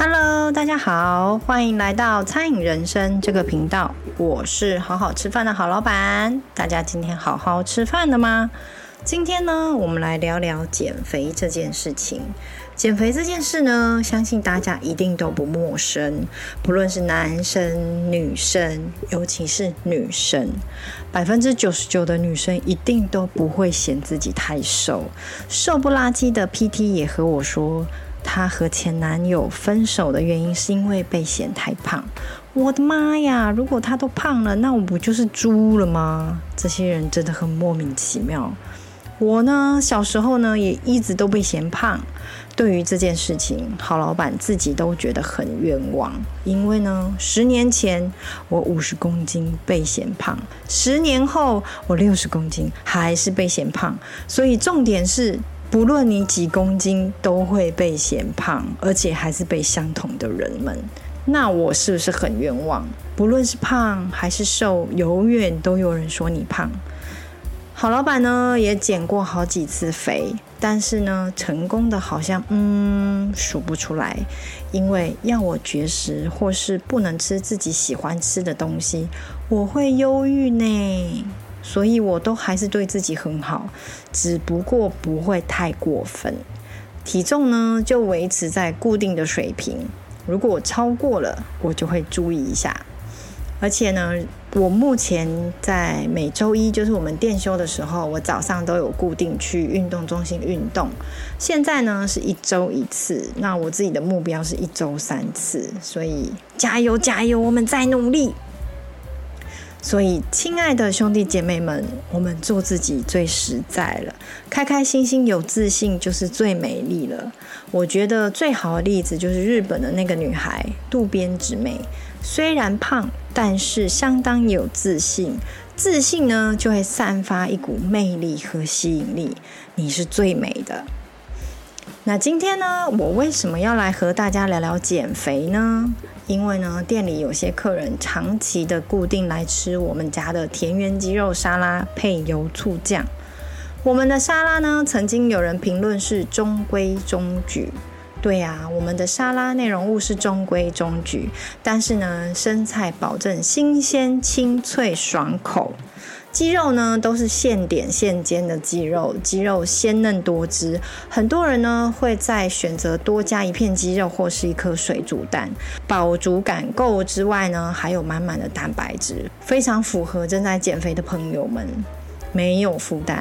Hello，大家好，歡迎來到餐飲人生這個頻道。我是好好吃飯的好老板。大家今天好好吃飯了嗎？今天呢，我們來聊聊減肥這件事情。減肥這件事呢，相信大家一定都不陌生。不論是男生、女生，尤其是女生，百分之九十九的女生一定都不會嫌自己太瘦。瘦不拉幾的 PT 也和我說。她和前男友分手的原因是因為被嫌太胖。我的媽呀！如果她都胖了，那我不就是豬了嗎？這些人真的很莫名其妙。我呢，小時候呢也一直都被嫌胖。對於這件事情，好老板自己都覺得很冤枉。因為呢，十年前我五十公斤被嫌胖，十年後我六十公斤還是被嫌胖。所以重點是。不論你幾公斤，都會被嫌胖，而且還是被相同的人們。那我是不是很冤枉？不論是胖還是瘦，永遠都有人說你胖。好老板呢，也減過好幾次肥，但是呢，成功的好像嗯，數不出來。因為要我絕食或是不能吃自己喜歡吃的東西，我會憂鬱呢。所以，我都還是對自己很好，只不過不會太過分。體重呢，就維持在固定的水平。如果超過了，我就會注意一下。而且呢，我目前在每周一就是我們店休的時候，我早上都有固定去運動中心運動。現在呢，是一周一次。那我自己的目標是一周三次，所以加油加油，我們再努力。所以，親愛的兄弟姐妹們，我們做自己最實在了，開開心心有自信就是最美麗了。我覺得最好的例子就是日本的那個女孩渡邊直美，雖然胖，但是相當有自信。自信呢，就會散發一股魅力和吸引力。你是最美的。那今天呢，我為什麼要來和大家聊聊減肥呢？因為呢，店裡有些客人長期的固定來吃我們家的田園雞肉沙拉配油醋醬。我們的沙拉呢，曾經有人評論是中規中矩。對呀，我們的沙拉內容物是中規中矩，但是呢，生菜保證新鮮、清脆、爽口。雞肉呢，都是現點現煎的雞肉，雞肉鮮嫩多汁。很多人呢會再選擇多加一片雞肉或是一顆水煮蛋，飽足感夠之外呢，還有滿滿的蛋白質，非常符合正在減肥的朋友們，沒有負擔。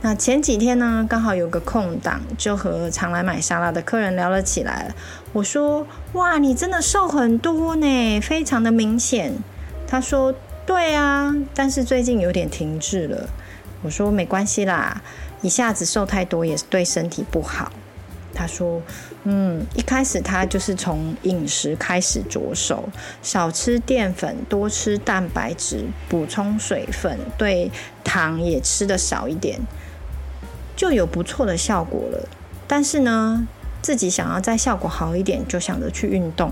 那前幾天呢，剛好有個空檔，就和常來買沙拉的客人聊了起來了。我說：“哇，你真的瘦很多呢，非常的明顯。”他說。對啊，但是最近有點停滯了。我說，沒關係啦，一下子瘦太多也對身體不好。他說，嗯，一開始他就是從飲食開始着手，少吃澱粉，多吃蛋白質，補充水分，對糖也吃得少一點，就有不錯的效果了。但是呢。自己想要再效果好一點，就想着去運動。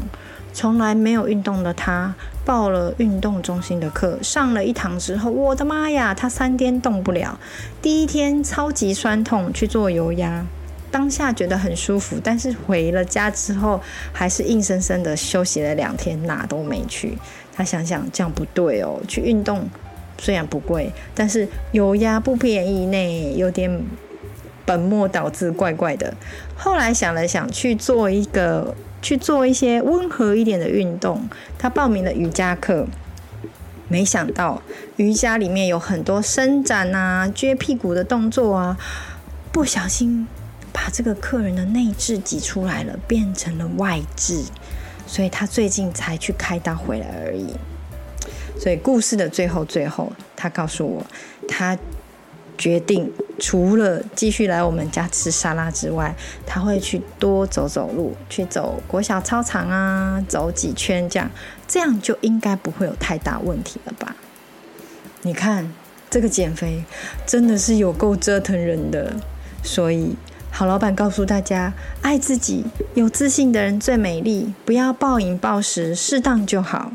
從來沒有運動的他，報了運動中心的課，上了一堂之後，我的媽呀！他三天動不了。第一天超級酸痛，去做油壓，當下覺得很舒服，但是回了家之後，還是硬生生的休息了兩天，哪都沒去。他想想這樣不對哦，去運動雖然不貴，但是油壓不便宜呢，有點。粉末導致怪怪的，後來想了想去做一個，去做一些溫和一點的運動。他報名了瑜伽課，沒想到瑜伽裡面有很多伸展啊、撅屁股的動作啊，不小心把這個客人的內痔擠出來了，變成了外痔，所以他最近才去開刀回來而已。所以故事的最後，最後他告訴我，他決定。除了繼續來我們家吃沙拉之外，他會去多走走路，去走國小操場啊，走幾圈這樣，這樣就應該不會有太大問題了吧？你看，這個減肥真的是有夠折騰人的。所以，好老板告訴大家：愛自己，有自信的人最美麗。不要暴飲暴食，適當就好。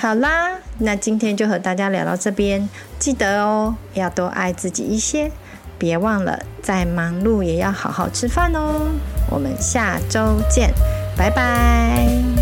好啦，那今天就和大家聊到這邊。記得哦，要多愛自己一些，別忘了再忙碌也要好好吃飯哦。我們下周見，拜拜。